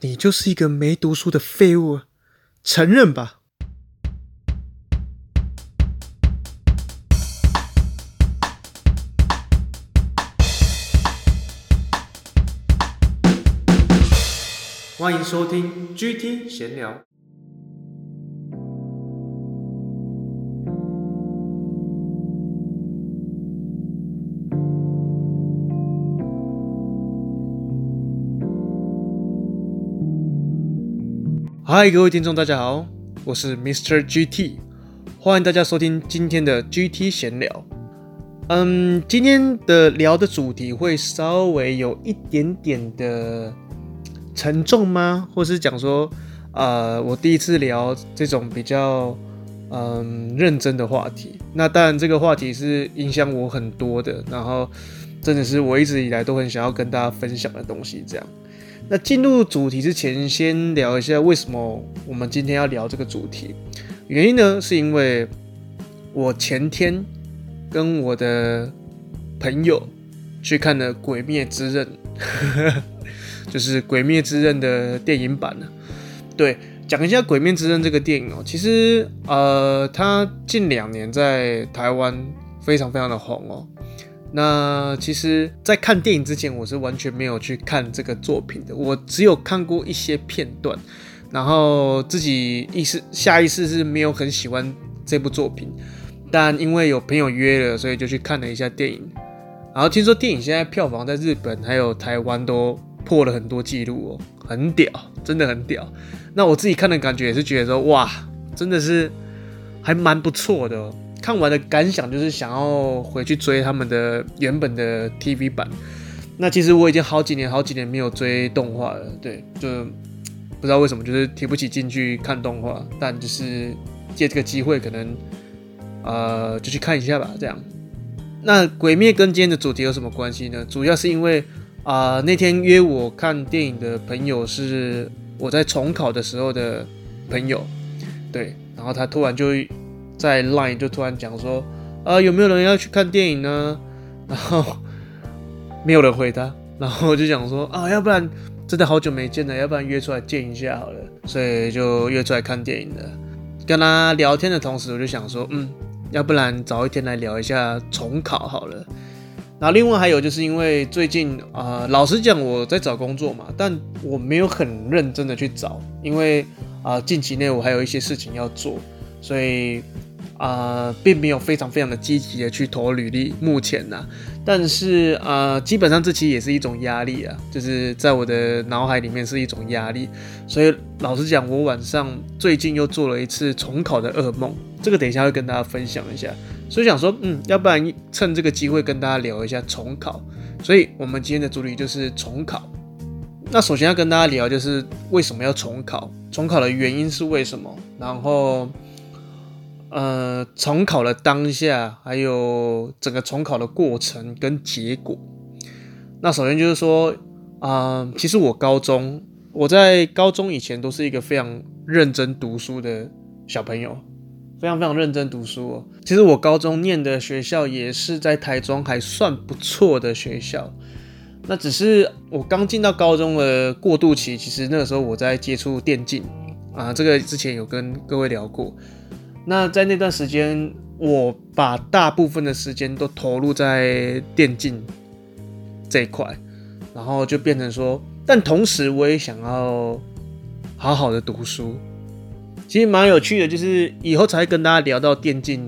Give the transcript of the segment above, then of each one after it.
你就是一個沒讀書的廢物，承認吧！歡迎收聽 GT 閒聊。嗨，各位聽眾，大家好，我是 Mr. GT，歡迎大家收聽今天的 GT 閒聊。嗯，今天的聊的主題會稍微有一點點的沉重嗎？或是講說，呃，我第一次聊這種比較嗯認真的話題。那當然，這個話題是影響我很多的，然後真的是我一直以來都很想要跟大家分享的東西，這樣。那進入主題之前，先聊一下為什麼我們今天要聊這個主題。原因呢，是因為我前天跟我的朋友去看了《鬼滅之刃，》 就是《鬼滅之刃》的電影版了。對，講一下《鬼滅之刃》這個電影哦。其實，呃，它近兩年在台灣非常非常的紅哦。那其實，在看電影之前，我是完全沒有去看這個作品的。我只有看過一些片段，然後自己意識下意識是沒有很喜歡這部作品。但因為有朋友約了，所以就去看了一下電影。然後聽說電影現在票房在日本還有台灣都破了很多記錄哦，很屌，真的很屌。那我自己看的感覺也是覺得說，哇，真的是還蠻不錯的哦。看完的感想就是想要回去追他們的原本的 TV 版。那其實我已經好幾年好幾年沒有追動畫了，對，就不知道為什麼就是提不起勁去看動畫。但就是借這個機會，可能啊、呃、就去看一下吧。這樣，那《鬼滅》跟今天的主題有什麼關係呢？主要是因為啊、呃、那天約我看電影的朋友是我在重考的時候的朋友，對，然後他突然就。在 Line 就突然講說，啊、呃、有沒有人要去看電影呢？然後沒有人回答。然後我就想說，啊，要不然真的好久沒見了，要不然約出來見一下好了。所以就約出來看電影了。跟他聊天的同時，我就想說，嗯，要不然找一天來聊一下重考好了。然後另外還有就是因為最近啊、呃，老實講我在找工作嘛，但我沒有很認真的去找，因為啊、呃、近期內我還有一些事情要做，所以。啊、呃，並沒有非常非常的積極的去投履歷，目前呢、啊，但是啊、呃，基本上這期也是一種壓力啊，就是在我的腦海裡面是一種壓力，所以老實講，我晚上最近又做了一次重考的噩夢，這個等一下會跟大家分享一下，所以想說，嗯，要不然趁這個機會跟大家聊一下重考，所以我們今天的主題就是重考。那首先要跟大家聊就是為什麼要重考，重考的原因是為什麼，然後。呃，重考的當下，還有整個重考的過程跟結果。那首先就是說，啊、呃，其實我高中，我在高中以前都是一個非常認真讀書的小朋友，非常非常認真讀書哦。其實我高中念的學校也是在台中還算不錯的學校。那只是我剛進到高中的過渡期，其實那個時候我在接觸電競啊、呃，這個之前有跟各位聊過。那在那段時間，我把大部分的時間都投入在電競這一塊，然後就變成說，但同時我也想要好好的讀書。其實蠻有趣的，就是以後才會跟大家聊到電競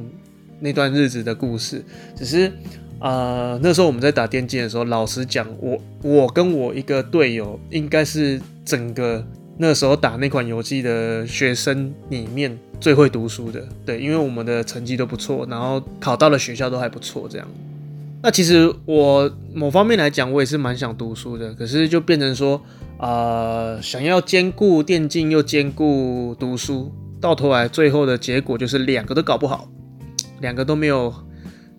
那段日子的故事。只是，呃，那時候我們在打電競的時候，老實講，我我跟我一個隊友應該是整個。那時候打那款遊戲的學生裡面最會讀書的，對，因為我們的成績都不錯，然後考到了學校都還不錯這樣。那其實我某方面來講，我也是蠻想讀書的，可是就變成說，呃，想要兼顧電競又兼顧讀書，到頭來最後的結果就是兩個都搞不好，兩個都沒有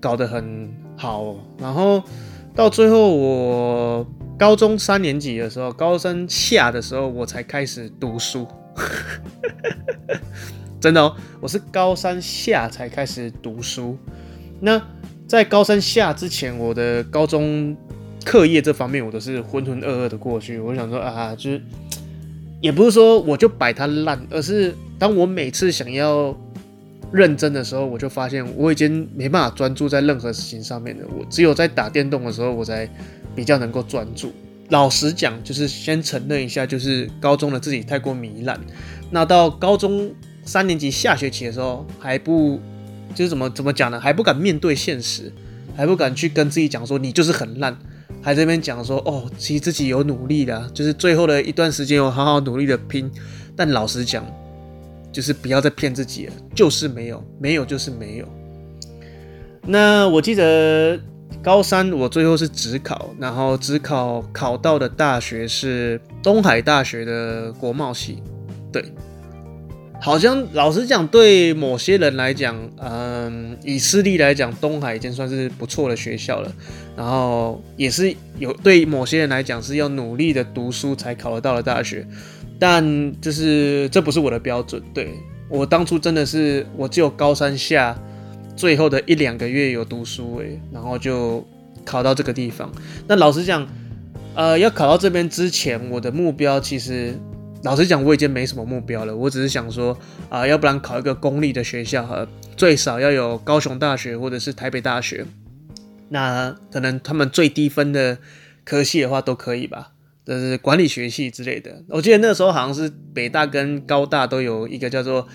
搞得很好，然後到最後我。高中三年級的時候，高三下的時候，我才開始讀書。 真的哦，我是高三下才開始讀書。那在高三下之前，我的高中課業這方面，我都是渾渾噩噩的過去。我想說啊，就是也不是說我就擺它爛，而是當我每次想要認真的時候，我就發現我已經沒辦法專注在任何事情上面了。我只有在打電動的時候，我才。比較能夠專注。老實講，就是先承認一下，就是高中的自己太過糜爛。那到高中三年級下學期的時候，還不就是怎麼怎麼講呢？還不敢面對現實，還不敢去跟自己講說你就是很爛，還在那邊講說哦，其實自己有努力的，就是最後的一段時間我好好努力的拼。但老實講，就是不要再騙自己了，就是沒有，沒有就是沒有。那我記得。高三我最後是指考，然後指考考到的大學是東海大學的國貿系，對，好像老實講，對某些人來講，嗯，以私立來講，東海已經算是不錯的學校了。然後也是有對某些人來講是要努力的讀書才考得到的大學，但就是這不是我的標準，對，我當初真的是我只有高三下。最後的一兩個月有讀書哎，然後就考到這個地方。那老實講，呃，要考到這邊之前，我的目標其實，老實講，我已經沒什麼目標了。我只是想說，啊、呃，要不然考一個公立的學校，最少要有高雄大學或者是台北大學。那可能他們最低分的科系的話都可以吧，就是管理學系之類的。我記得那時候好像是北大跟高大都有一個叫做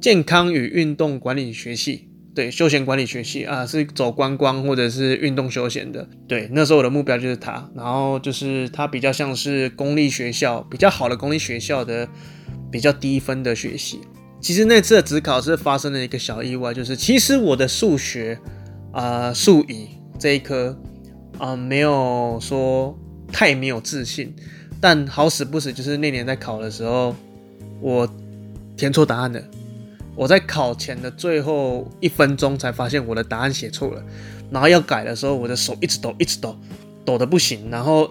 健康與運動管理學系。對，休閒管理學系啊、呃，是走觀光或者是運動休閒的。對，那時候我的目標就是它，然後就是它比較像是公立學校，比較好的公立學校的比較低分的學系。其實那次的指考是發生了一個小意外，就是其實我的數學啊數、呃、乙這一科啊、呃、沒有說太沒有自信，但好死不死，就是那年在考的時候我填錯答案了。我在考前的最後一分鐘才發現我的答案寫錯了，然後要改的時候，我的手一直抖，一直抖，抖得不行，然後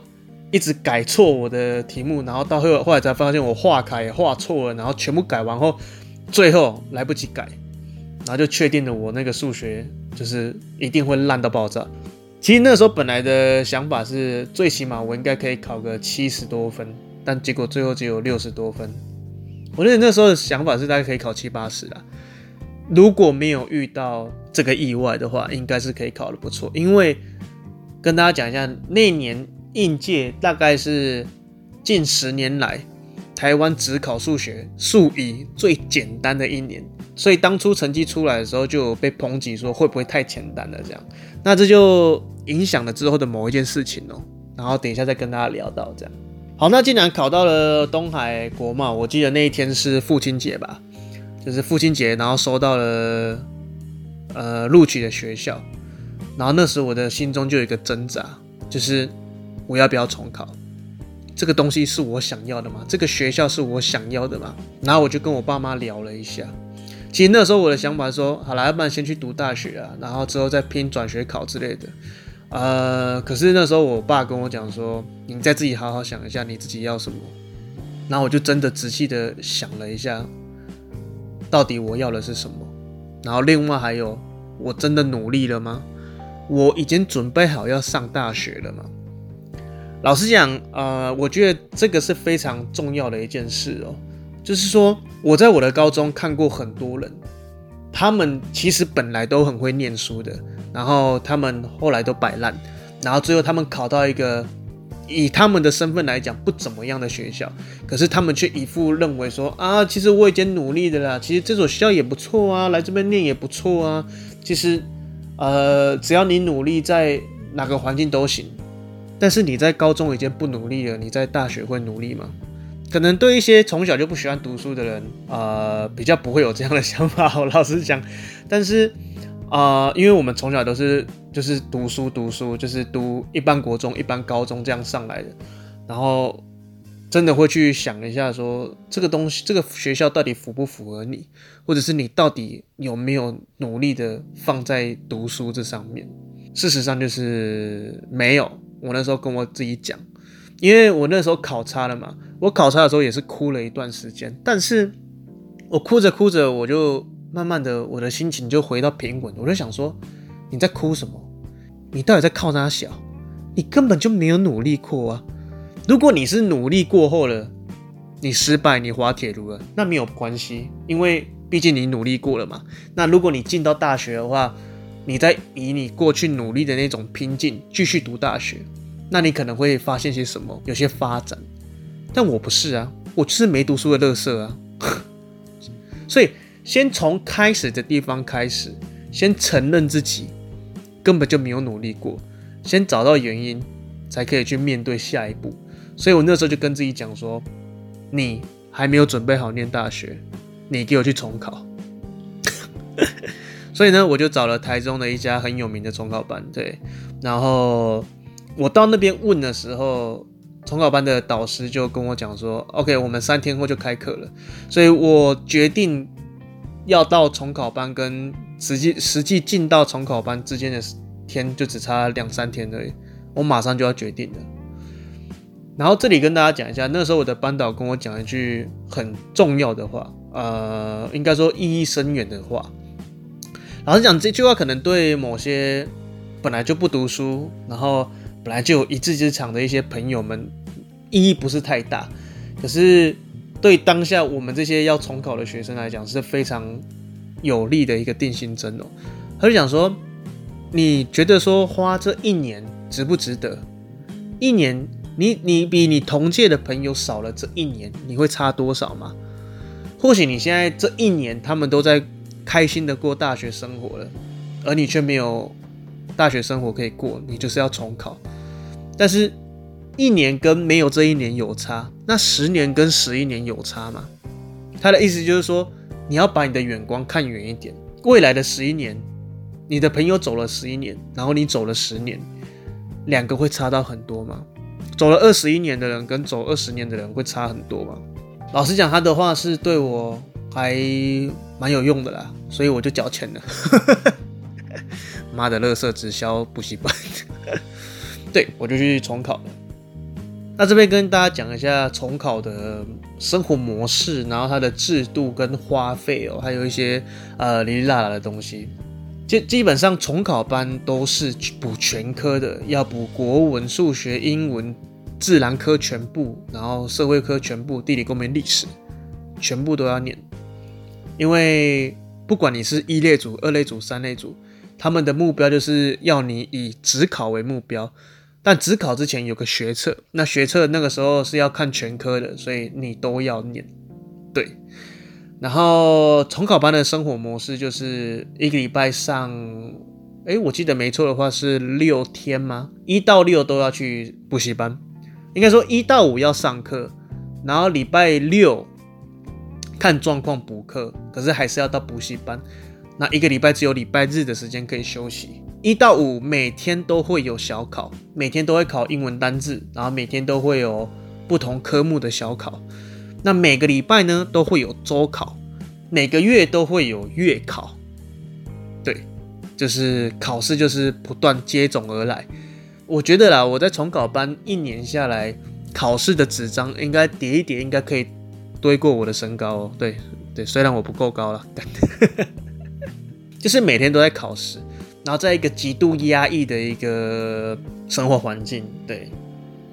一直改錯我的題目，然後到後後來才發現我畫卡也畫錯了，然後全部改完後，最後來不及改，然後就確定了我那個數學就是一定會爛到爆炸。其實那時候本來的想法是最起碼我應該可以考個七十多分，但結果最後只有六十多分。我那那時候的想法是大概可以考七八十啦，如果沒有遇到這個意外的話，應該是可以考的不錯。因為跟大家講一下，那年應屆大概是近十年來台灣只考數學數乙最簡單的一年，所以當初成績出來的時候，就被抨擊說會不會太簡單了這樣。那這就影響了之後的某一件事情哦、喔，然後等一下再跟大家聊到這樣。好，那既然考到了東海國貿，我記得那一天是父親節吧，就是父親節，然後收到了呃錄取的學校，然後那時我的心中就有一個掙扎，就是我要不要重考？這個東西是我想要的嗎？這個學校是我想要的嗎？然後我就跟我爸媽聊了一下，其實那時候我的想法說，好了，要不然先去讀大學啊，然後之後再拼轉學考之類的。呃，可是那時候我爸跟我講說：“你再自己好好想一下，你自己要什麼。”然後我就真的仔細的想了一下，到底我要的是什麼。然後另外還有，我真的努力了嗎？我已經準備好要上大學了嗎？老實講，呃，我覺得這個是非常重要的一件事哦。就是說，我在我的高中看過很多人，他們其實本來都很會念書的。然後他們後來都擺爛，然後最後他們考到一個以他們的身份來講不怎麼樣的學校，可是他們卻一副認為說啊，其實我已經努力了啦，其實這所學校也不錯啊，來這邊念也不錯啊，其實呃，只要你努力，在哪個環境都行。但是你在高中已經不努力了，你在大學會努力嗎？可能對一些從小就不喜歡讀書的人，呃，比較不會有這樣的想法。我老實講，但是。啊、呃，因為我們從小都是就是讀書讀書，就是讀一般國中、一般高中這樣上來的，然後真的會去想一下說，這個東西這個學校到底符不符合你，或者是你到底有沒有努力的放在讀書這上面？事實上就是沒有。我那時候跟我自己講，因為我那時候考差了嘛，我考差的時候也是哭了一段時間，但是我哭着哭着我就。慢慢的，我的心情就回到平穩。我就想說，你在哭什麼？你到底在靠哪小？你根本就沒有努力過啊！如果你是努力過後了，你失敗，你滑鐵盧了，那沒有關係，因為畢竟你努力過了嘛。那如果你進到大學的話，你在以你過去努力的那種拼勁繼續讀大學，那你可能會發現些什麼，有些發展。但我不是啊，我就是沒讀書的垃圾啊， 所以。先從開始的地方開始，先承認自己根本就沒有努力過，先找到原因，才可以去面對下一步。所以我那時候就跟自己講說：“你還沒有準備好念大學，你給我去重考。 ”所以呢，我就找了台中的一家很有名的重考班。對，然後我到那邊問的時候，重考班的導師就跟我講說：“OK，我們三天後就開課了。”所以我決定。要到重考班跟實際實際進到重考班之間的天就只差兩三天而已，我馬上就要決定了。然後這裡跟大家講一下，那時候我的班導跟我講一句很重要的話，呃，應該說意義深遠的話。老實講，這句話可能對某些本來就不讀書，然後本來就有一技之長的一些朋友們意義不是太大，可是，對當下我們這些要重考的學生來講，是非常有利的一個定心針哦。他就講說，你覺得說花這一年值不值得？一年，你你比你同屆的朋友少了這一年，你會差多少嗎？或許你現在這一年，他們都在開心的過大學生活了，而你卻沒有大學生活可以過，你就是要重考，但是。一年跟沒有這一年有差，那十年跟十一年有差嗎？他的意思就是說，你要把你的眼光看遠一點，未來的十一年，你的朋友走了十一年，然後你走了十年，兩個會差到很多嗎？走了二十一年的人跟走二十年的人會差很多嗎？老實講，他的話是對我還蠻有用的啦，所以我就繳錢了。媽 的，垃圾直銷補習班， 對我就去重考。那這邊跟大家講一下重考的生活模式，然後它的制度跟花費哦，還有一些呃零零落落的東西。基本上重考班都是補全科的，要補國文、數學、英文、自然科全部，然後社會科全部、地理、公民、歷史，全部都要念。因為不管你是一類組、二類組、三類組，他們的目標就是要你以指考為目標。但指考之前有個學測，那學測那個時候是要看全科的，所以你都要念。對，然後重考班的生活模式就是一個禮拜上，哎，我記得沒錯的話是六天嗎？一到六都要去補習班，應該說一到五要上課，然後禮拜六看狀況補課，可是還是要到補習班。那一個禮拜只有禮拜日的時間可以休息。一到五每天都會有小考，每天都會考英文單字，然後每天都會有不同科目的小考。那每個禮拜呢都會有周考，每個月都會有月考。對，就是考試就是不斷接踵而來。我覺得啦，我在重考班一年下來，考試的紙張應該疊一疊，應該可以堆過我的身高哦。對對，雖然我不夠高了，但是 就是每天都在考試。然後在一個極度壓抑的一個生活環境，對。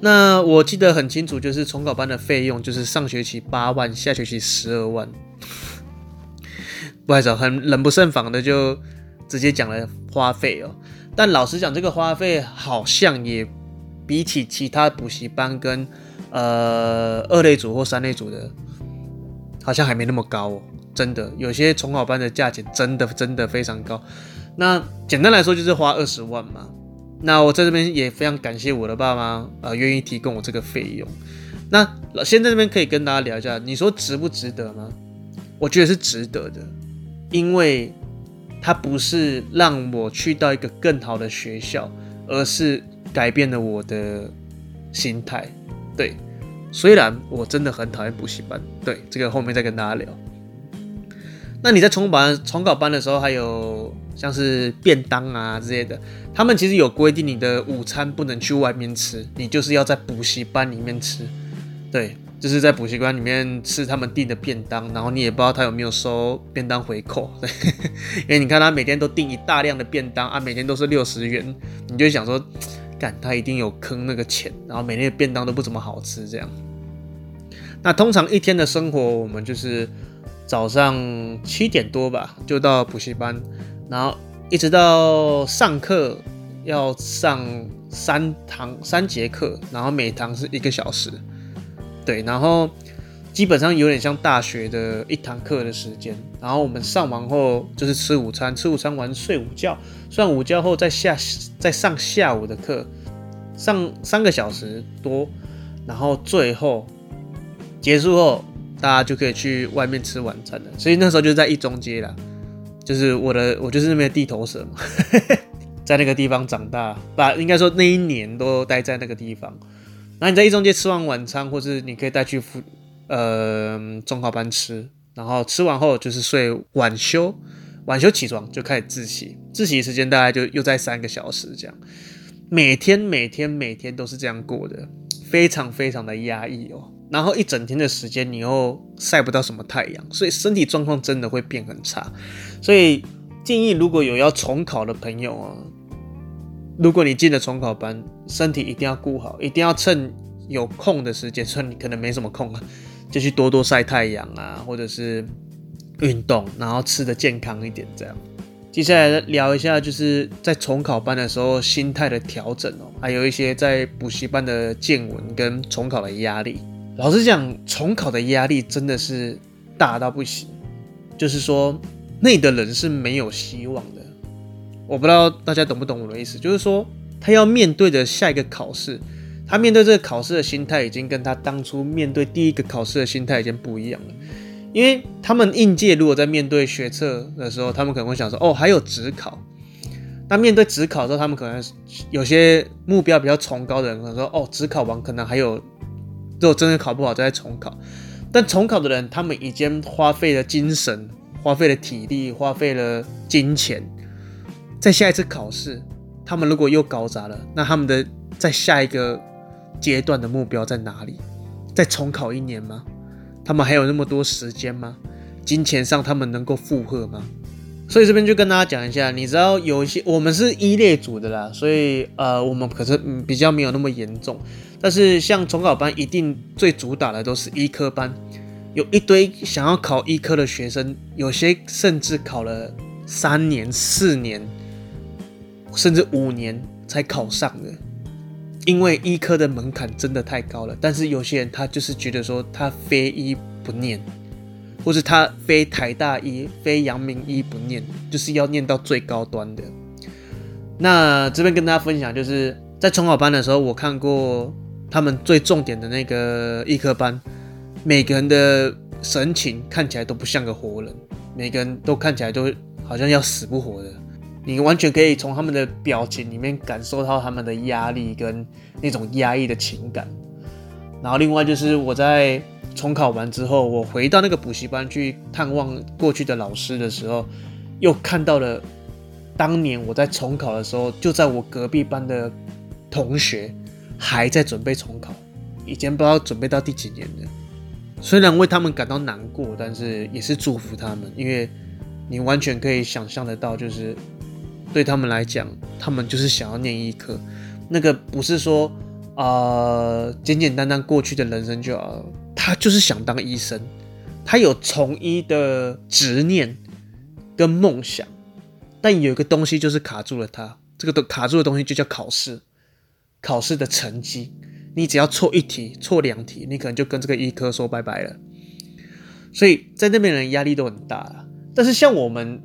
那我記得很清楚，就是重考班的費用，就是上學期八萬，下學期十二萬。不好意思，很冷不勝防的就直接講了花費哦。但老實講，這個花費好像也比起其他補習班跟呃二類組或三類組的，好像還沒那麼高哦。真的，有些重考班的價錢真的真的非常高。那簡單來說就是花二十萬嘛。那我在這邊也非常感謝我的爸媽啊、呃，願意提供我這個費用。那老先在這邊可以跟大家聊一下，你說值不值得嗎？我覺得是值得的，因為它不是讓我去到一個更好的學校，而是改變了我的心態。對，雖然我真的很討厭補習班，對這個後面再跟大家聊。那你在重版重考班的時候還有？像是便當啊之類的，他們其實有規定，你的午餐不能去外面吃，你就是要在補習班裡面吃。對，就是在補習班裡面吃他們訂的便當，然後你也不知道他有沒有收便當回扣。對，因為你看他每天都訂一大量的便當啊，每天都是六十元，你就想說，幹他一定有坑那個錢，然後每天的便當都不怎麼好吃這樣。那通常一天的生活，我們就是早上七點多吧，就到補習班。然後一直到上課，要上三堂三節課，然後每堂是一個小時，對，然後基本上有點像大學的一堂課的時間。然後我們上完後就是吃午餐，吃午餐完睡午覺，睡完午覺後再下再上下午的課，上三個小時多，然後最後結束後大家就可以去外面吃晚餐了。所以那時候就在一中街啦。就是我的，我就是那邊地頭蛇嘛， 在那個地方長大，吧，應該說那一年都待在那個地方。然後你在一中街吃完晚餐，或是你可以帶去呃，重考班吃。然後吃完後就是睡晚休，晚休起床就開始自習，自習時間大概就又在三個小時這樣。每天每天每天都是這樣過的，非常非常的壓抑哦。然後一整天的時間，你又曬不到什麼太陽，所以身體狀況真的會變很差。所以建議如果有要重考的朋友哦，如果你進了重考班，身體一定要顧好，一定要趁有空的時間，趁你可能沒什麼空啊，就去多多曬太陽啊，或者是運動，然後吃得健康一點這樣。接下來聊一下，就是在重考班的時候心態的調整哦，還有一些在補習班的見聞跟重考的壓力。老實講，重考的壓力真的是大到不行。就是說，那裡的人是沒有希望的。我不知道大家懂不懂我的意思？就是說，他要面對着下一個考試，他面對這個考試的心態，已經跟他當初面對第一個考試的心態已經不一樣了。因為他們應屆，如果在面對學測的時候，他們可能會想說：“哦，還有指考。”那面對指考的時候，他們可能有些目標比較崇高的人，可能說：“哦，指考完可能還有。”如果真的考不好，再來重考。但重考的人，他們已經花費了精神、花費了體力、花費了金錢，在下一次考試，他們如果又搞砸了，那他們的在下一個階段的目標在哪裡？再重考一年嗎？他們還有那麼多時間嗎？金錢上他們能夠負荷嗎？所以這邊就跟大家講一下，你知道有一些我們是一類組的啦，所以呃，我們可是、嗯、比較沒有那麼嚴重。但是像重考班，一定最主打的都是醫科班，有一堆想要考醫科的學生，有些甚至考了三年、四年，甚至五年才考上的，因為醫科的門檻真的太高了。但是有些人他就是覺得說，他非醫不念。或是他非台大醫、非楊明醫不念，就是要念到最高端的。那這邊跟大家分享，就是在衝考班的時候，我看過他們最重點的那個醫科班，每個人的神情看起來都不像個活人，每個人都看起來都好像要死不活的。你完全可以從他們的表情裡面感受到他們的壓力跟那種壓抑的情感。然後另外就是我在。重考完之後，我回到那個補習班去探望過去的老師的時候，又看到了當年我在重考的時候，就在我隔壁班的同學還在準備重考，已經不知道準備到第幾年了。雖然為他們感到難過，但是也是祝福他們，因為你完全可以想象得到，就是對他們來講，他們就是想要念醫科，那個不是說啊、呃、簡簡單單過去的人生就好他就是想當醫生，他有從醫的執念跟夢想，但有一個東西就是卡住了他，這個卡住的東西就叫考試，考試的成績，你只要錯一題、錯兩題，你可能就跟這個醫科說拜拜了。所以在那邊人壓力都很大，但是像我們，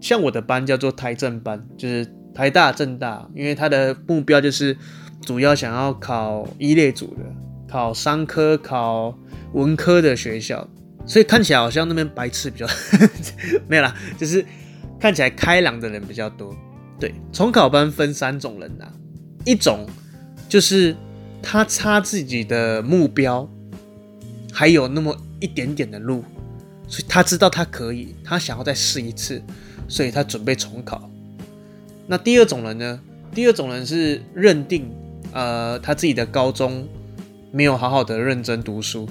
像我的班叫做台政班，就是台大政大，因為他的目標就是主要想要考醫類組的。考商科、考文科的學校，所以看起來好像那邊白痴比較 沒有啦，就是看起來開朗的人比較多。對，重考班分三種人吶、啊，一種就是他差自己的目標還有那麼一點點的路，所以他知道他可以，他想要再試一次，所以他準備重考。那第二種人呢？第二種人是認定呃他自己的高中，沒有好好的認真讀書，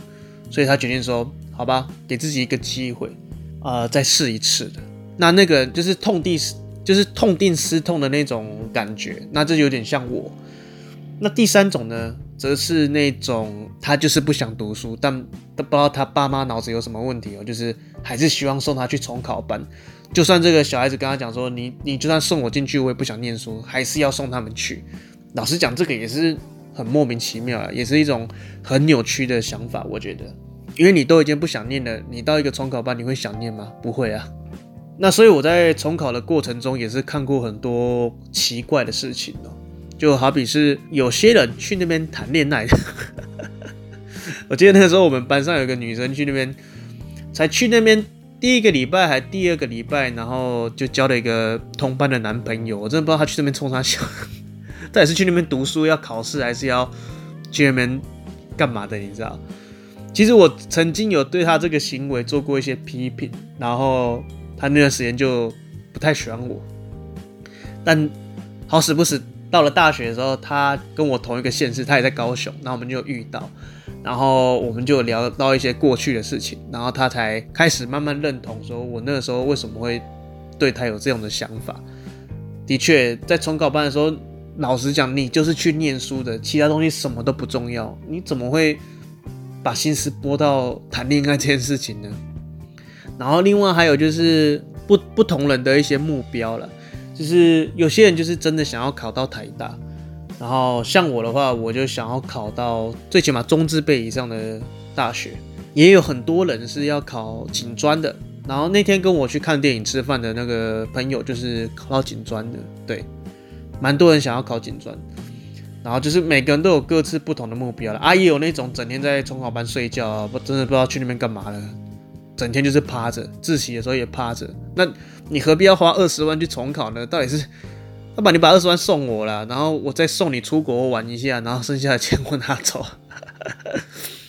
所以他決定說：“好吧，給自己一個機會，呃，再試一次的。”那那個就是痛定思，就是痛定思痛的那種感覺。那這有點像我。那第三種呢，則是那種他就是不想讀書，但都不知道他爸媽腦子有什麼問題哦，就是還是希望送他去重考班。就算這個小孩子跟他講說：“你你就算送我進去，我也不想念書。”還是要送他們去。老實講，這個也是。很莫名其妙啊，也是一種很扭曲的想法，我覺得，因為你都已經不想念了，你到一個重考班，你會想念嗎？不會啊。那所以我在重考的過程中，也是看過很多奇怪的事情哦，就好比是有些人去那邊談戀愛。 我記得那個時候，我們班上有個女生去那邊，才去那邊第一個禮拜還第二個禮拜，然後就交了一個同班的男朋友，我真的不知道她去那邊衝三小。他也是去那邊讀書，要考試，還是要去那邊幹嘛的？你知道？其實我曾經有對他這個行為做過一些批評，然後他那段時間就不太喜歡我。但好死不死，到了大學的時候，他跟我同一個縣市，他也在高雄，那我們就遇到，然後我們就聊到一些過去的事情，然後他才開始慢慢認同，說我那個時候為什麼會對他有這樣的想法。的確，在重考班的時候。老實講，你就是去念書的，其他東西什麼都不重要。你怎麼會把心思撥到談戀愛這件事情呢？然後，另外還有就是不不同人的一些目標了，就是有些人就是真的想要考到台大，然後像我的話，我就想要考到最起碼中字輩以上的大學。也有很多人是要考警專的，然後那天跟我去看電影吃飯的那個朋友就是考到警專的，對。蠻多人想要考警專，然後就是每個人都有各自不同的目標了。啊、也有那種整天在重考班睡覺，不真的不知道去那邊幹嘛了，整天就是趴着，自習的時候也趴着。那你何必要花二十萬去重考呢？到底是，那把你把二十萬送我了，然後我再送你出國玩一下，然後剩下的錢我拿走。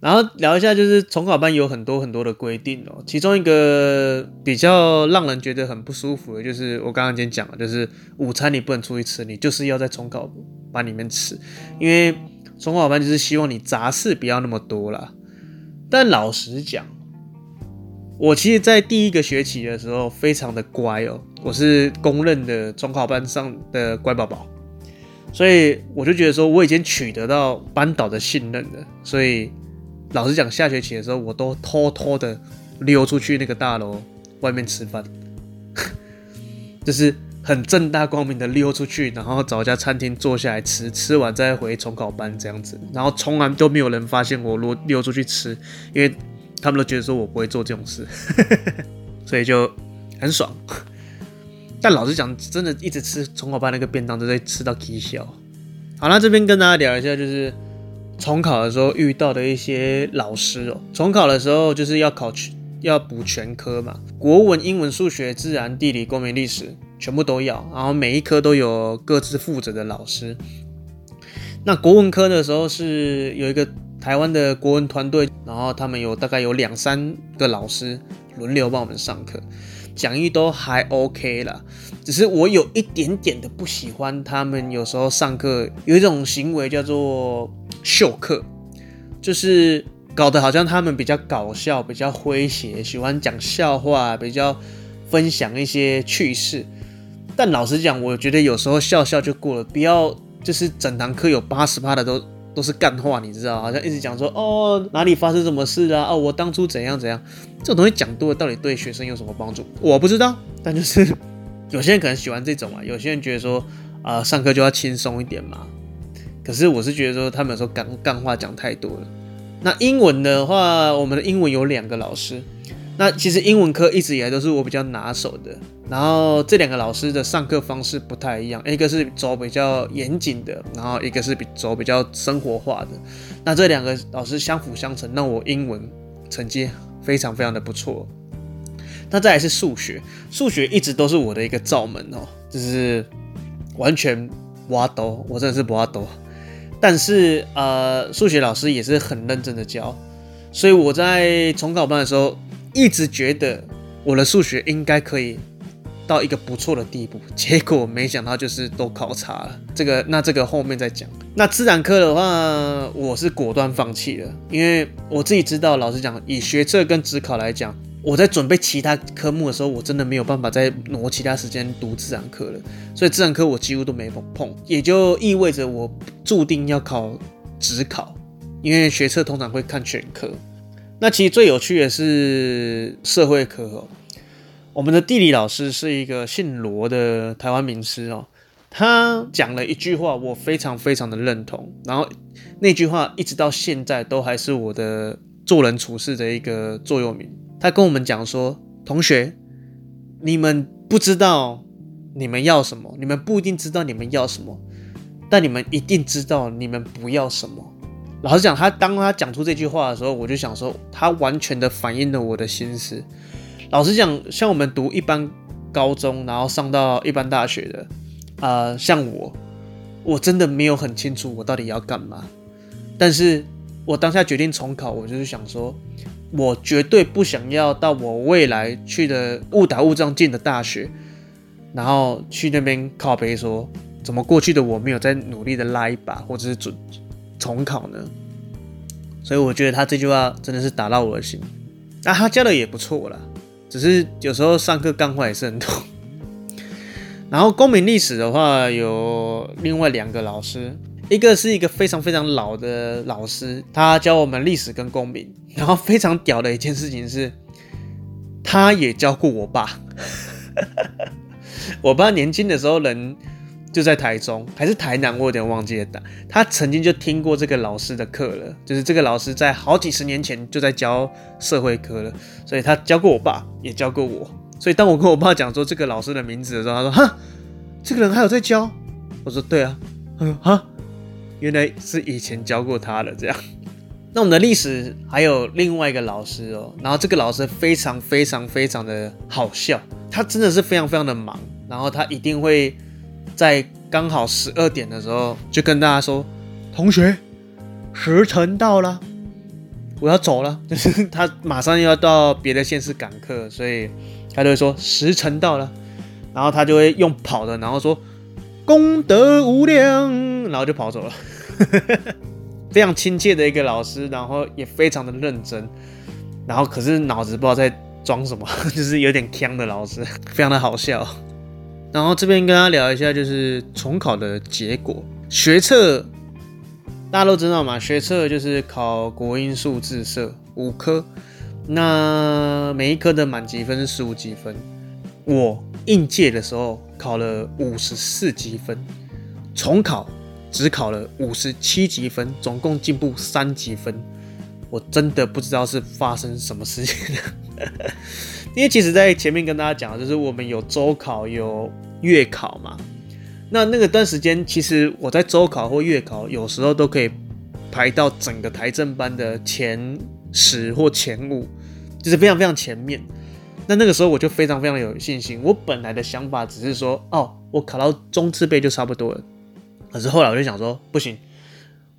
然後聊一下，就是重考班有很多很多的規定哦。其中一個比較讓人覺得很不舒服的，就是我剛剛已經講了，就是午餐你不能出去吃，你就是要在重考班裡面吃，因為重考班就是希望你雜事不要那麼多啦。但老實講，我其實，在第一個學期的時候，非常的乖哦，我是公認的重考班上的乖寶寶，所以我就覺得說，我已經取得到班導的信任了，所以。老實講，下學期的時候，我都偷偷的溜出去那個大樓外面吃飯， 就是很正大光明的溜出去，然後找一家餐廳坐下來吃，吃完再回重考班這樣子，然後從來都沒有人發現我溜溜出去吃，因為他們都覺得說我不會做這種事， 所以就很爽。 但老實講，真的一直吃重考班那個便當，都在吃到起笑。好了，那這邊跟大家聊一下，就是。重考的時候遇到的一些老師哦、喔，重考的時候就是要考全，要補全科嘛，國文、英文、數學、自然、地理、公民、歷史，全部都要，然後每一科都有各自負責的老師。那國文科的時候是有一個台灣的國文團隊，然後他們有大概有兩三個老師輪流幫我們上課，講義都還 OK 啦。只是我有一點點的不喜歡他們有時候上課有一種行為叫做。授課就是搞得好像他們比較搞笑、比較詼諧，喜歡講笑話，比較分享一些趣事。但老實講，我覺得有時候笑笑就過了，不要就是整堂課有八十趴的都都是幹話，你知道？好像一直講說哦哪裡發生什麼事啊？哦我當初怎樣怎樣，這種東西講多了，到底對學生有什麼幫助？我不知道。但就是有些人可能喜歡這種啊，有些人覺得說啊、呃、上課就要輕鬆一點嘛。可是我是覺得說他們有時候幹話講太多了。那英文的話，我們的英文有兩個老師。那其實英文科一直以來都是我比較拿手的。然後這兩個老師的上課方式不太一樣，一個是走比較嚴謹的，然後一個是比走比較生活化的。那這兩個老師相輔相成，讓我英文成績非常非常的不錯。那再來是數學，數學一直都是我的一個罩門哦，就是完全挖都，我真的是不挖都。但是，呃，數學老師也是很認真的教，所以我在重考班的時候，一直覺得我的數學應該可以到一個不錯的地步。結果沒想到就是都考差了。這個那這個後面再講。那自然科的話，我是果斷放棄了，因為我自己知道，老實講，以學測跟指考來講。我在準備其他科目的時候，我真的沒有辦法再挪其他時間讀自然科了，所以自然科我幾乎都沒碰，也就意味着我注定要考指考，因為學測通常會看全科。那其實最有趣的是社會科哦、喔，我們的地理老師是一個姓羅的台灣名師哦、喔，他講了一句話，我非常非常的認同，然後那句話一直到現在都還是我的做人處事的一個座右銘。他跟我們講說：“同學，你們不知道你們要什麼，你們不一定知道你們要什麼，但你們一定知道你們不要什麼。”老實講，他當他講出這句話的時候，我就想說，他完全的反映了我的心思。老實講，像我們讀一般高中，然後上到一般大學的，啊、呃，像我，我真的沒有很清楚我到底要幹嘛。但是我當下決定重考，我就是想說。我絕對不想要到我未來去的誤打誤撞進的大學，然後去那邊靠北說，怎麼過去的我沒有再努力的拉一把，或者是準重考呢？所以我覺得他這句話真的是打到我的心。那、啊、他教的也不錯啦，只是有時候上課幹話也是很多。然後公民歷史的話，有另外兩個老師。一個是一個非常非常老的老師，他教我們歷史跟公民，然後非常屌的一件事情是，他也教過我爸。 我爸年輕的時候人就在台中還是台南，我有點忘記了。他曾經就聽過這個老師的課了，就是這個老師在好幾十年前就在教社會科了，所以他教過我爸，也教過我。所以當我跟我爸講說這個老師的名字的時候，他說：“哈，這個人還有在教？”我說：“對啊。”他說：“哈。”原來是以前教過他的這樣，那我們的歷史還有另外一個老師哦，然後這個老師非常非常非常的好笑，他真的是非常非常的忙，然後他一定會在剛好十二點的時候就跟大家說，同學，時辰到了，我要走了，就是他馬上又要到別的縣市趕課，所以他就會說時辰到了，然後他就會用跑的，然後說。功德無量，然後就跑走了。 非常親切的一個老師，然後也非常的認真，然後可是腦子不知道在裝什麼，就是有點坑的老師，非常的好笑。然後這邊跟他聊一下，就是重考的結果。學測大家都知道嘛，學測就是考國英數自社五科，那每一科的滿級分是十五級分。我應屆的時候。考了五十四級分，重考只考了五十七級分，總共進步三級分。我真的不知道是發生什麼事情。 因為其實在前面跟大家講，就是我們有周考有月考嘛。那那個段時間，其實我在周考或月考，有時候都可以排到整個台政班的前十或前五，就是非常非常前面。那那個時候我就非常非常有信心。我本來的想法只是說，哦，我考到中字輩就差不多了。可是後來我就想說，不行，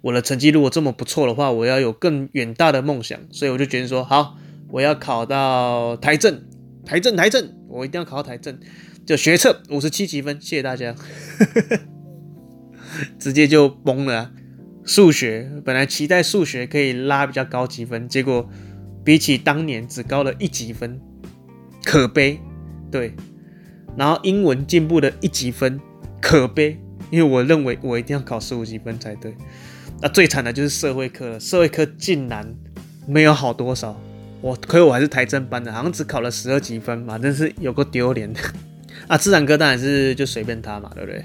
我的成績如果這麼不錯的話，我要有更遠大的夢想。所以我就決定說，好，我要考到台政，台政，台政，我一定要考到台政。就學測五十七級分，謝謝大家， 直接就崩了啊。數學本來期待數學可以拉比較高級分，結果比起當年只高了一級分。可悲，對，然後英文進步了一級分，可悲，因為我認為我一定要考十五級分才對。那、啊、最慘的就是社會科了，社會科竟然沒有好多少，我虧我還是台政班的，好像只考了十二級分嘛，真是有夠丟臉的。啊，自然科當然是就隨便他嘛，對不對？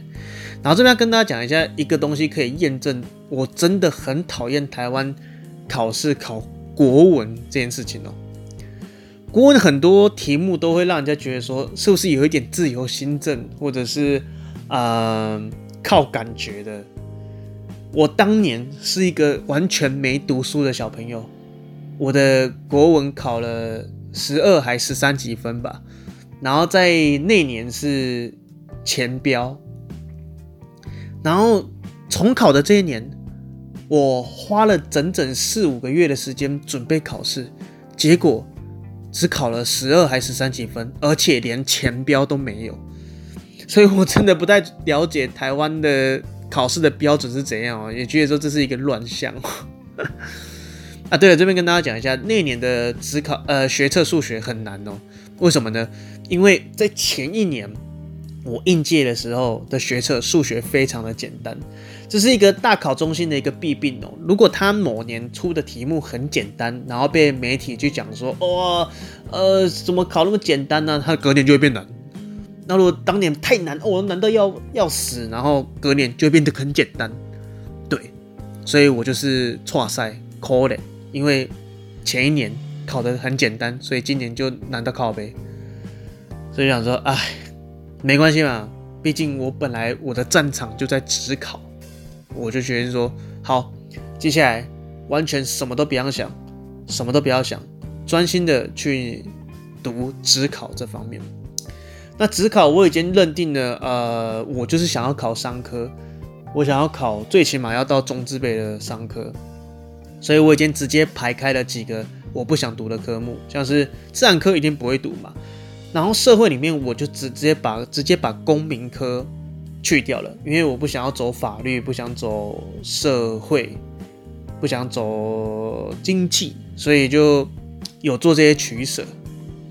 然後這邊要跟大家講一下一個東西，可以驗證我真的很討厭台灣考試考國文這件事情哦。國文很多題目都會讓人家覺得說，是不是有一點自由心證，或者是，嗯、呃、靠感覺的。我當年是一個完全沒讀書的小朋友，我的國文考了十二還十三級分吧，然後在那年是前標，然後重考的這一年，我花了整整四五個月的時間準備考試，結果。只考了十二還是十三級分，而且連前標都沒有，所以我真的不太了解台灣的考試的標準是怎樣哦，也覺得說這是一個亂象。 啊，對了，這邊跟大家講一下，那年的指考呃學測數學很難哦，為什麼呢？因為在前一年我應屆的時候的學測數學非常的簡單。這是一個大考中心的一個弊病哦。如果他某年出的題目很簡單，然後被媒體去講說，哦，呃，怎麼考那麼簡單呢、啊？他隔年就會變難。那如果當年太難，哦，難到要要死，然後隔年就會變得很簡單。對，所以我就是錯塞考的，因為前一年考得很簡單，所以今年就難得考唄。所以想說，哎，沒關係嘛，畢竟我本來我的戰場就在指考。我就決定說，好，接下來完全什麼都不要想，什麼都不要想，專心的去讀指考這方面。那指考我已經認定了，呃，我就是想要考商科，我想要考最起碼要到中字輩的商科，所以我已經直接排開了幾個我不想讀的科目，像是自然科一定不會讀嘛，然後社會裡面我就直接把直接把公民科去掉了，因為我不想要走法律，不想走社會，不想走經濟，所以就有做這些取舍。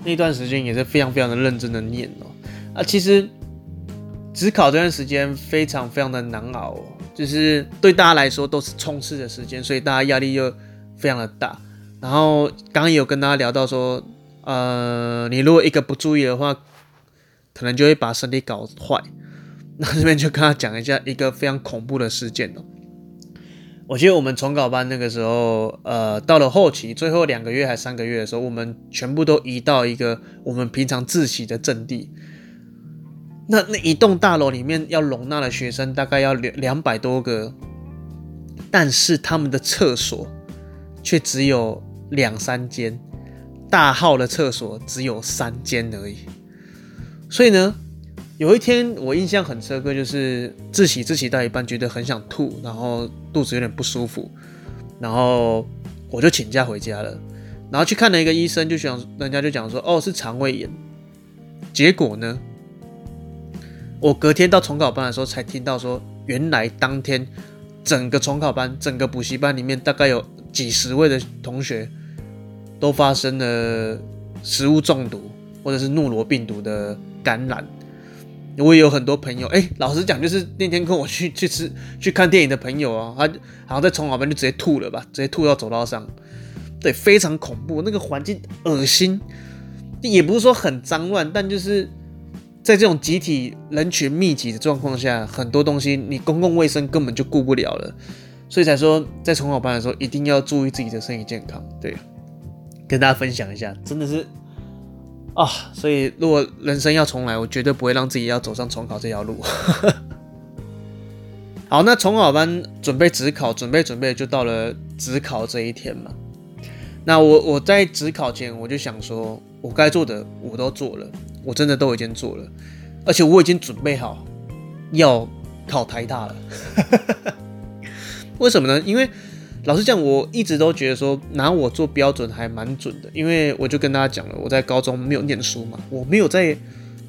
那段時間也是非常非常的認真的念哦。啊，其實，重考這段時間非常非常的難熬哦，就是對大家來說都是衝刺的時間，所以大家壓力又非常的大。然後剛剛也有跟大家聊到說，呃，你如果一個不注意的話，可能就會把身體搞壞。那這邊就跟他講一下一個非常恐怖的事件哦。我記得我們重考班那個時候，呃，到了後期最後兩個月還三個月的時候，我們全部都移到一個我們平常自習的陣地。那那一棟大樓裡面要容納的學生大概要兩兩百多個，但是他們的廁所卻只有兩三間，大號的廁所只有三間而已。所以呢，有一天，我印象很深刻，就是自習自習到一半，覺得很想吐，然後肚子有點不舒服，然後我就請假回家了。然後去看了一個醫生就，就想人家就講說，哦，是腸胃炎。結果呢，我隔天到重考班的時候，才聽到說，原來當天整個重考班、整個補習班裡面，大概有幾十位的同學都發生了食物中毒或者是諾羅病毒的感染。我也有很多朋友，哎，老實講，就是那天跟我去去吃去看電影的朋友啊、哦，他然後在重考班就直接吐了吧，直接吐到走道上，對，非常恐怖，那個環境噁心，也不是說很髒亂，但就是在這種集體人群密集的狀況下，很多東西你公共衛生根本就顧不了了，所以才說在重考班的時候一定要注意自己的身體健康，對，跟大家分享一下，真的是。啊、哦，所以如果人生要重來，我絕對不會讓自己要走上重考這條路。 好，那重考班準備指考，準備準備就到了指考這一天嘛。那我我在指考前，我就想說，我該做的我都做了，我真的都已經做了，而且我已經準備好要考台大了。 為什麼呢？因為老實講，我一直都覺得說拿我做標準還蠻準的，因為我就跟大家講了，我在高中沒有念書嘛，我沒有在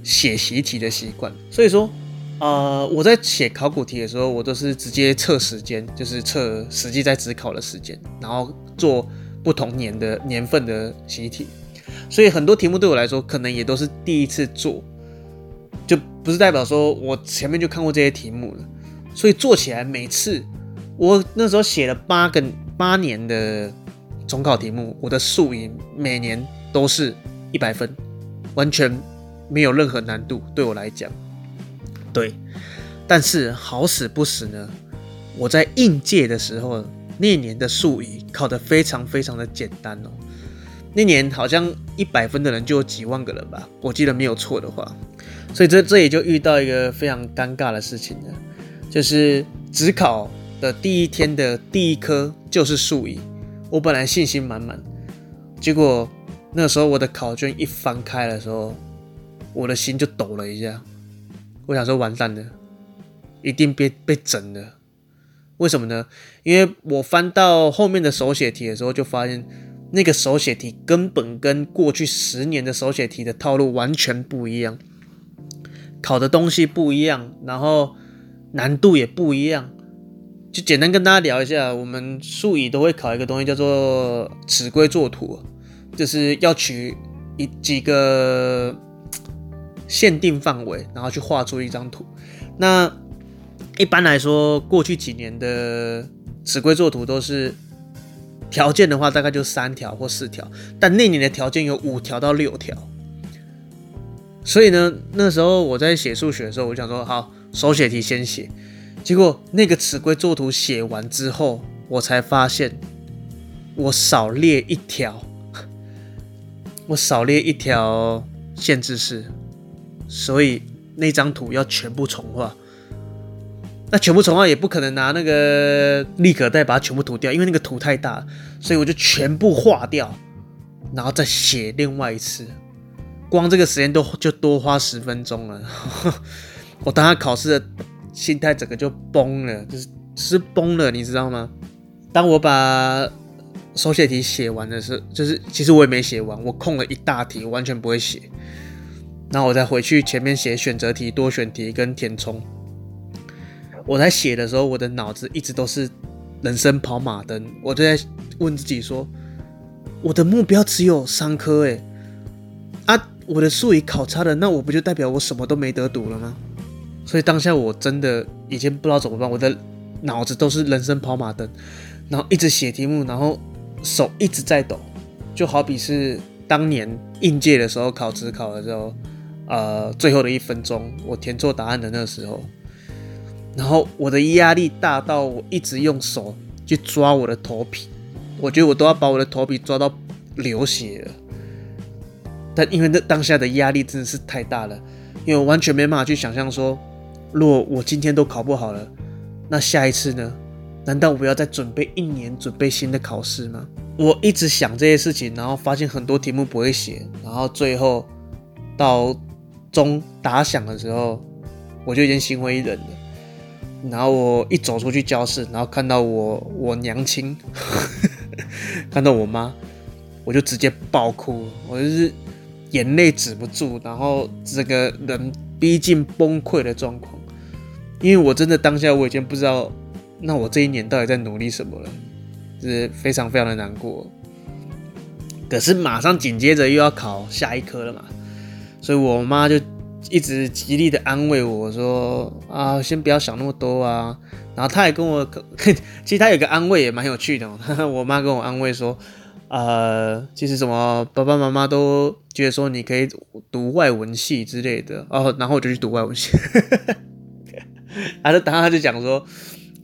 寫習題的習慣，所以說，呃，我在寫考古題的時候，我都是直接測時間，就是測實際在指考的時間，然後做不同年的年份的習題，所以很多題目對我來說，可能也都是第一次做，就不是代表說我前面就看過這些題目了，所以做起來每次。我那時候寫了八個八年的中考題目，我的數乙每年都是一百分，完全沒有任何難度，對我來講，對。但是好死不死呢，我在應屆的時候那年的數乙考得非常非常的簡單哦、喔，那年好像一百分的人就有幾萬個人吧，我記得沒有錯的話，所以這這也就遇到一個非常尷尬的事情了，就是只考的第一天的第一科就是數一，我本來信心滿滿，結果那時候我的考卷一翻開的時候，我的心就抖了一下。我想說完蛋了，一定被被整了。為什麼呢？因為我翻到後面的手寫題的時候，就發現那個手寫題根本跟過去十年的手寫題的套路完全不一樣，考的東西不一樣，然後難度也不一樣。就簡單跟大家聊一下，我們數乙都會考一個東西叫做尺規作圖，就是要取一幾個限定範圍，然後去畫出一張圖。那一般來說，過去幾年的尺規作圖都是條件的話，大概就三條或四條，但那年的條件有五條到六條。所以呢，那時候我在寫數學的時候，我想說，好，手寫題先寫。結果那個尺規作圖寫完之後，我才發現我少列一條，我少列一條限制式，所以那張圖要全部重畫。那全部重畫也不可能拿那個立可帶把它全部塗掉，因為那個圖太大，所以我就全部畫掉，然後再寫另外一次。光這個時間都就多花十分鐘了。 我當時考試的。心態整個就崩了，就是是崩了，你知道嗎？當我把手寫題寫完的時候，就是其實我也沒寫完，我空了一大題，我完全不會寫。然後我再回去前面寫選擇題、多選題跟填充。我在寫的時候，我的腦子一直都是人生跑馬燈，我就在問自己說：我的目標只有三科，誒。啊，我的數乙考差了，那我不就代表我什麼都沒得讀了嗎？所以當下我真的已經不知道怎麼辦，我的腦子都是人生跑馬燈，然後一直寫題目，然後手一直在抖，就好比是當年應屆的時候考指考的時候，呃，最後的一分鐘我填錯答案的那個時候，然後我的壓力大到我一直用手去抓我的頭皮，我覺得我都要把我的頭皮抓到流血了。但因為那當下的壓力真的是太大了，因為我完全沒辦法去想象說，如果我今天都考不好了，那下一次呢？難道我要再準備一年準備新的考試嗎？我一直想這些事情，然後發現很多題目不會寫，然後最後到鐘打響的時候，我就已經心灰意冷了。然後我一走出去教室，然後看到我我娘親， 看到我媽，我就直接爆哭，我就是眼淚止不住，然後整個人逼近崩潰的狀況。因為我真的當下我已經不知道，那我這一年到底在努力什麼了，是，是非常非常的難過。可是馬上緊接着又要考下一科了嘛，所以我媽就一直極力的安慰我，我說：“啊，先不要想那麼多啊。”然後她也跟我，其實她有個安慰也蠻有趣的哦。我媽跟我安慰說：“呃，其實什麼爸爸媽媽都覺得說你可以讀外文系之類的哦。”然後我就去讀外文系。 然後他就講說，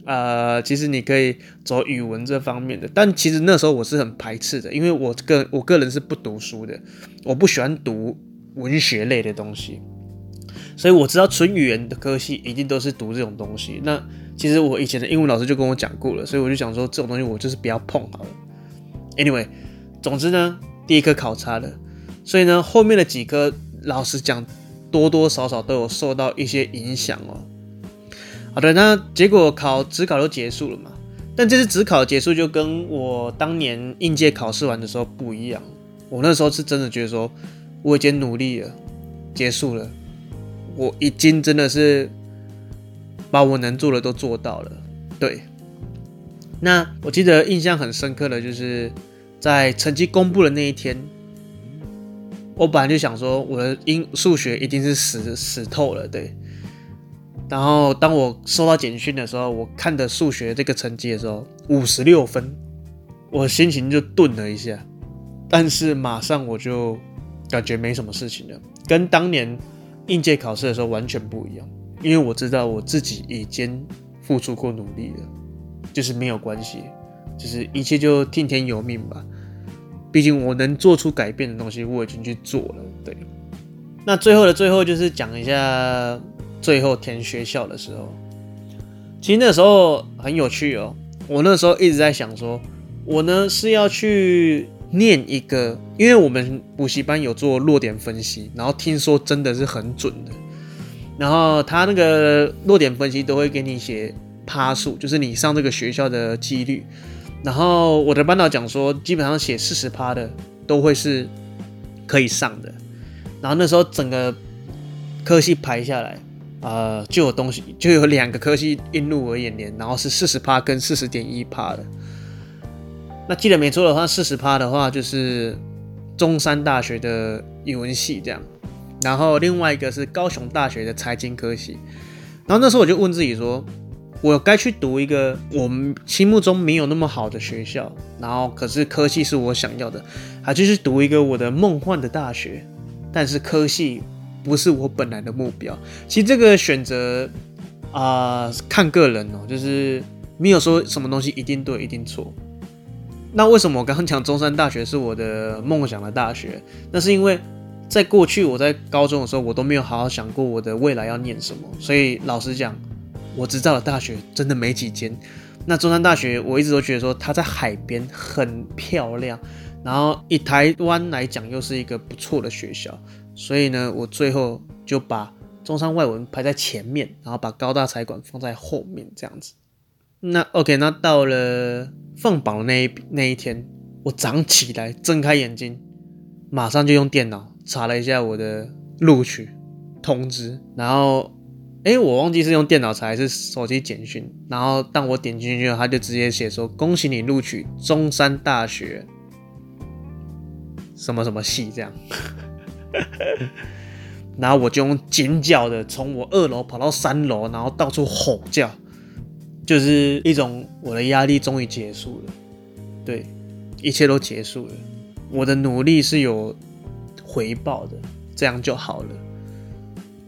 呃，其實你可以走語文這方面的，但其實那時候我是很排斥的，因為我個我個人是不讀書的，我不喜歡讀文學類的東西，所以我知道純語言的科系一定都是讀這種東西。那其實我以前的英文老師就跟我講過了，所以我就想說這種東西我就是不要碰好了。Anyway，總之呢，第一科考差了，所以呢，後面的幾科老實講多多少少都有受到一些影響哦。好的，那結果考指考都結束了嘛。但這次指考結束就跟我當年應屆考試完的時候不一樣。我那時候是真的覺得說，我已經努力了，結束了，我已經真的是把我能做的都做到了。對。那我記得印象很深刻的就是在成績公布的那一天，我本來就想說我的英數學一定是死死透了，對。然後當我收到簡訊的時候，我看的數學這個成績的時候，五十六分，我心情就頓了一下，但是馬上我就感覺沒什麼事情了，跟當年應屆考試的時候完全不一樣，因為我知道我自己已經付出過努力了，就是沒有關係，就是一切就聽天由命吧，畢竟我能做出改變的東西，我已經去做了。對，那最後的最後就是講一下。最後填學校的時候，其實那時候很有趣哦。我那時候一直在想，說我呢是要去念一個，因為我們補習班有做落點分析，然後聽說真的是很準的。然後他那個落點分析都會給你寫趴數，就是你上這個學校的幾率。然後我的班導講說，基本上寫四十趴的都會是可以上的。然後那時候整個科系排下來。呃，就有東西就有兩個科系映入我眼簾，然後是四十趴跟四十點一趴的。那記得沒錯的話，四十趴的話就是中山大學的語文系這樣，然後另外一個是高雄大學的財經科系。然後那時候我就問自己說，我該去讀一個我們心目中沒有那麼好的學校，然後可是科系是我想要的，還是讀一個我的夢幻的大學，但是科系。不是我本來的目標，其實這個選擇啊、呃，看個人哦、喔，就是沒有說什麼東西一定對，一定錯。那為什麼我剛剛講中山大學是我的夢想的大學？那是因為在過去我在高中的時候，我都沒有好好想過我的未來要念什麼。所以老實講，我知道的大學真的沒幾間。那中山大學，我一直都覺得說它在海邊很漂亮，然後以台灣來講，又是一個不錯的學校。所以呢，我最後就把中山外文排在前面，然後把高大財管放在後面這樣子。那 OK，那到了放榜的那一那一天，我早上起來，睜開眼睛，馬上就用電腦查了一下我的錄取通知，然後哎、欸，我忘記是用電腦查還是手機簡訊，然後當我點進去後，他就直接寫說恭喜你錄取中山大學什麼什麼系這樣。 然後我就用尖叫的從我二樓跑到三樓，然後到處吼叫，就是一種我的壓力終於結束了，對，一切都結束了，我的努力是有回報的，這樣就好了。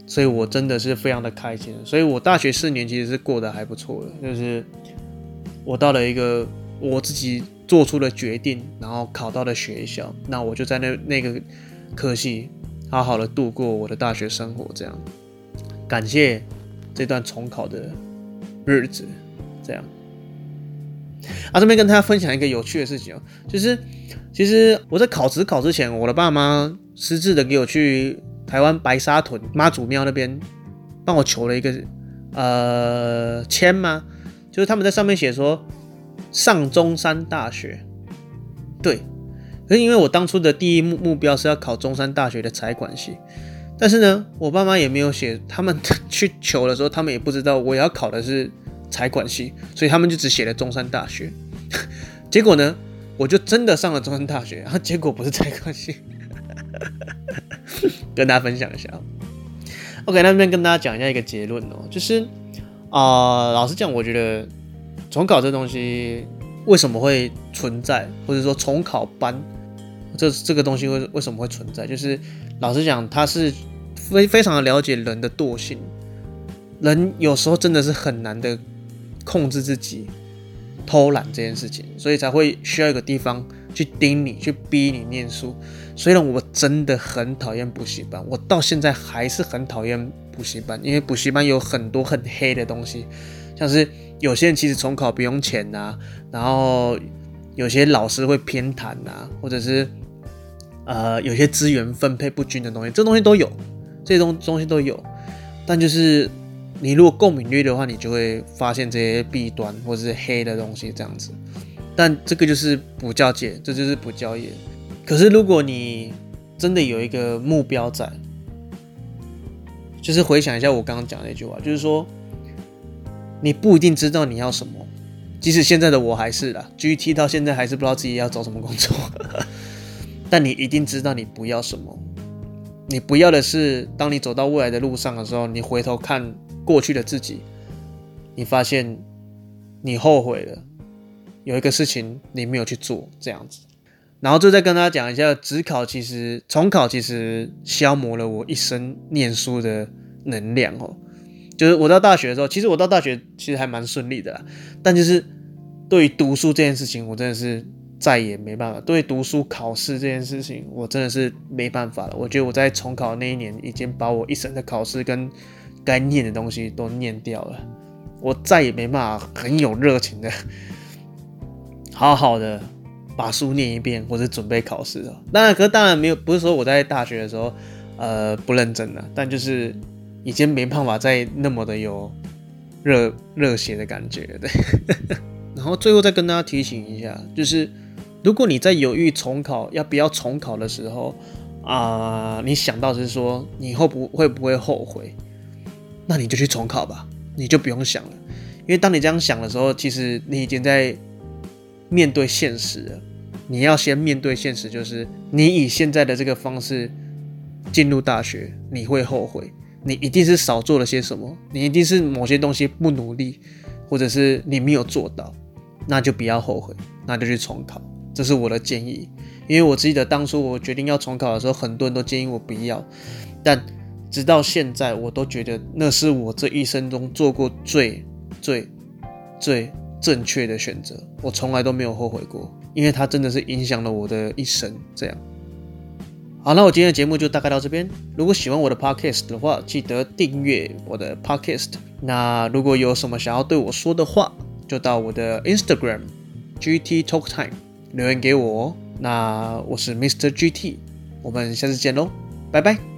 所以我真的是非常的開心，所以我大學四年其實是過得還不錯的，就是我到了一個我自己做出了決定，然後考到了學校，那我就在那那個。科系，好好的度過我的大學生活，這樣，感謝這段重考的日子，這樣。啊，順便跟大家分享一個有趣的事情哦，就是其實我在考指考之前，我的爸媽私自的給我去台灣白沙屯媽祖廟那邊幫我求了一個呃籤嗎？就是他們在上面寫說上中山大學，對。可是因為我當初的第一目目標是要考中山大學的財管系，但是呢，我爸媽也沒有寫，他們去求的時候，他們也不知道我要考的是財管系，所以他們就只寫了中山大學。結果呢，我就真的上了中山大學，然後結果不是財管系， 跟大家分享一下。OK，那邊跟大家講一下一個結論哦，就是啊、呃，老實講，我覺得重考這東西為什麼會存在，或者說重考班？這這個東西為為什麼會存在？就是老實講，他是非非常的了解人的惰性，人有時候真的是很難的控制自己偷懶這件事情，所以才會需要一個地方去盯你，去逼你念書。所以呢，我真的很討厭補習班，我到現在還是很討厭補習班，因為補習班有很多很黑的東西，像是有些人其實重考不用錢啊，然後有些老師會偏袒啊，或者是。呃，有些資源分配不均的東西，這東西都有，這些東東西都有。但就是你如果夠敏銳的話，你就會發現這些弊端或者是黑的東西這樣子。但這個就是補教界，這就是補教業。可是如果你真的有一個目標在，就是回想一下我剛剛講的一句話，就是說你不一定知道你要什麼，即使現在的我還是啦，GT 到現在還是不知道自己要找什麼工作。 但你一定知道你不要什麼，你不要的是，當你走到未來的路上的時候，你回頭看過去的自己，你發現你後悔了，有一個事情你沒有去做，這樣子。然後就再跟大家講一下，指考其實重考其實消磨了我一生念書的能量哦。就是我到大學的時候，其實我到大學其實還蠻順利的啦，但就是對於讀書這件事情，我真的是。再也沒辦法，對讀書考試這件事情，我真的是沒辦法了。我覺得我在重考那一年，已經把我一生的考試跟該念的東西都念掉了。我再也沒辦法很有熱情的，好好的把書念一遍或者準備考試了。當然，可是當然沒有，不是說我在大學的時候呃不認真了，但就是已經沒辦法再那麼的有熱熱血的感覺了。對 然後最後再跟大家提醒一下，就是。如果你在猶豫重考要不要重考的時候，啊、呃，你想到是說你後不會不會後悔，那你就去重考吧，你就不用想了。因為當你這樣想的時候，其實你已經在面對現實了。你要先面對現實，就是你以現在的這個方式進入大學，你會後悔。你一定是少做了些什麼，你一定是某些東西不努力，或者是你沒有做到，那就不要後悔，那就去重考。這是我的建議，因為我記得當初我決定要重考的時候，很多人都建議我不要。但直到現在，我都覺得那是我這一生中做過最、最、最正確的選擇。我從來都沒有後悔過，因為它真的是影響了我的一生。這樣，好，那我今天的節目就大概到這邊。如果喜歡我的 podcast 的話，記得訂閱我的 podcast。那如果有什麼想要對我說的話，就到我的 Instagram GT Talk Time。留言給我哦，那我是 Mr. GT，我們下次見嘍，拜拜。